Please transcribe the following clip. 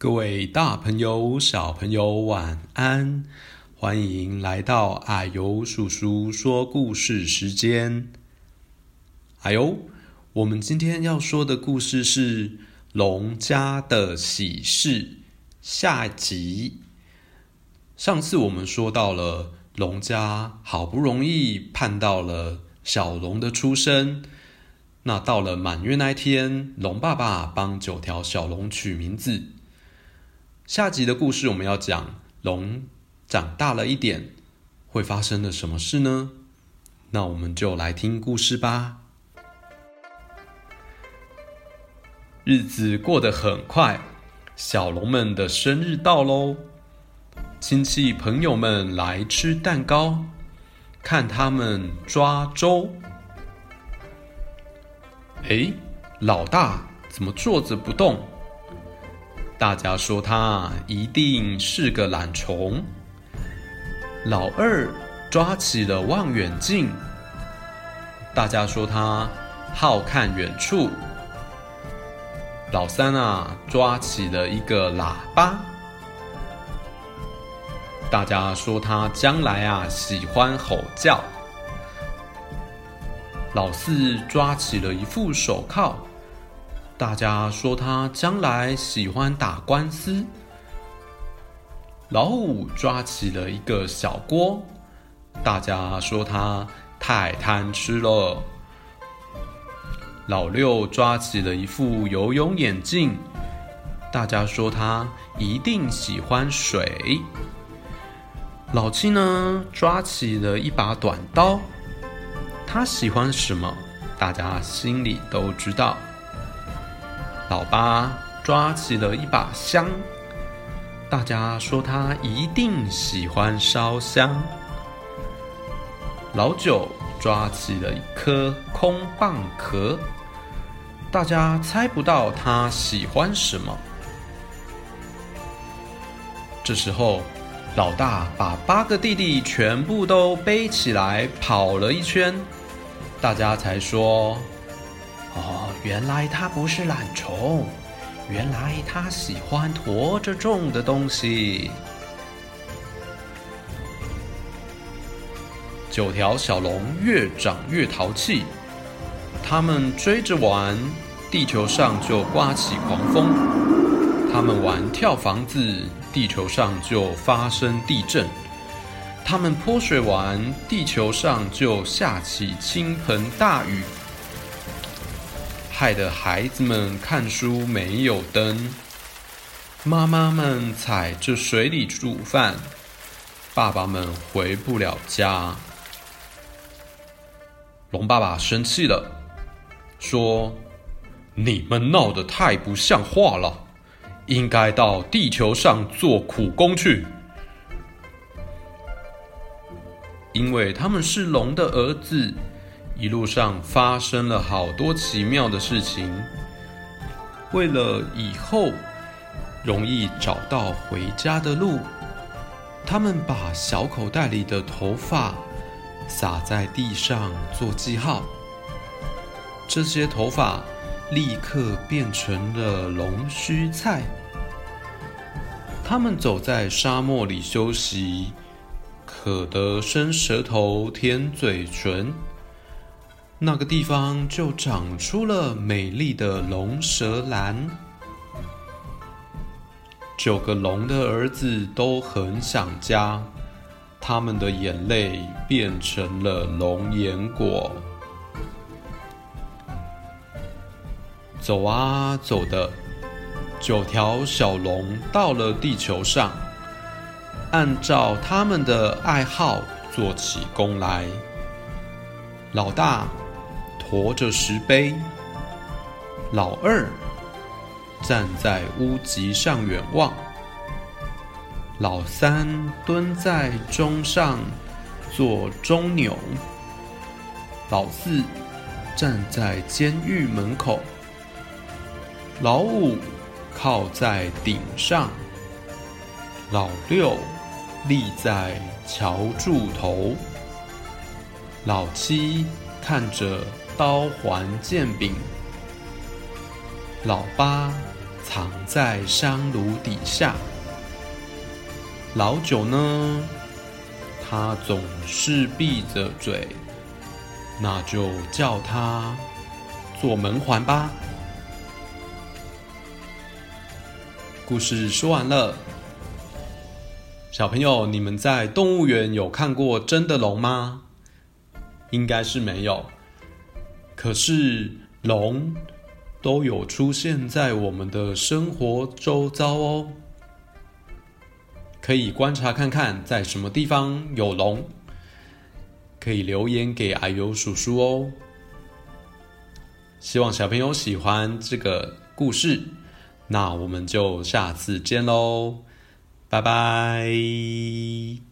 各位大朋友、小朋友，晚安！歡迎來到啊呦叔叔說故事時間。啊呦，我們今天要說的故事是《龍家的喜事》下集。上次我們說到了龍家好不容易盼到了小龍的出生，那到了滿月那天，龍爸爸幫九條小龍取名字。下集的故事我們要講龍長大了一點，會發生的什麼事呢？那我們就來聽故事吧。日子過得很快，小龍們的生日到嘍！親戚朋友們來吃蛋糕，看他們抓周。哎，老大怎麼坐着不動？大家說他一定是個懶蟲。老二抓起了望遠鏡，大家說他好看遠處。老三啊抓起了一個喇叭，大家說他將來啊喜歡吼叫。老四抓起了一副手銬。大家說他將來喜歡打官司。老五抓起了一個小鍋，大家說他太貪吃了。老六抓起了一副游泳眼鏡，大家說他一定喜歡水。老七呢，抓起了一把短刀，他喜歡什麼？大家心裡都知道。老八抓起了一把香，大家說他一定喜歡燒香。老九抓起了一顆空蚌殼，大家猜不到他喜歡什麼。這時候，老大把八個弟弟全部都背起來跑了一圈，大家才說。哦，原來他不是懶蟲，原來他喜歡馱着重的東西。九條小龍越長越淘氣，他們追着玩，地球上就颳起狂風；他們玩跳房子，地球上就發生地震；他們潑水玩，地球上就下起傾盆大雨。害得孩子們看書沒有燈，媽媽們踩着水裡煮飯，爸爸們回不了家。龍爸爸生氣了，說：“你們鬧得太不像話了，應該到地球上做苦工去，因為他們是龍的兒子。”一路上發生了好多奇妙的事情。為了以後容易找到回家的路，他們把小口袋裡的頭髮撒在地上做記號。這些頭髮立刻變成了龍鬚菜。他們走在沙漠裡休息，渴得伸舌頭舔嘴唇。那個地方就長出了美麗的龍舌蘭。九個龍的兒子都很想家，他們的眼淚變成了龍眼果。走啊走的，九條小龍到了地球上，按照他們的愛好做起工來。老大，馱着石碑，老二站在屋脊上遠望，老三蹲在鐘上做鐘鈕，老四站在監獄門口，老五靠在頂上，老六立在橋柱頭，老七看着，刀環劍柄，老八藏在香爐底下，老九呢？他總是閉着嘴，那就叫他做門環吧。故事說完了，小朋友，你們在動物園有看過真的龍嗎？應該是沒有。可是龍都有出現在我們的生活周遭哦，可以觀察看看在什麼地方有龍，可以留言給啊呦叔叔哦。希望小朋友喜歡這個故事，那我們就下次見嘍，拜拜。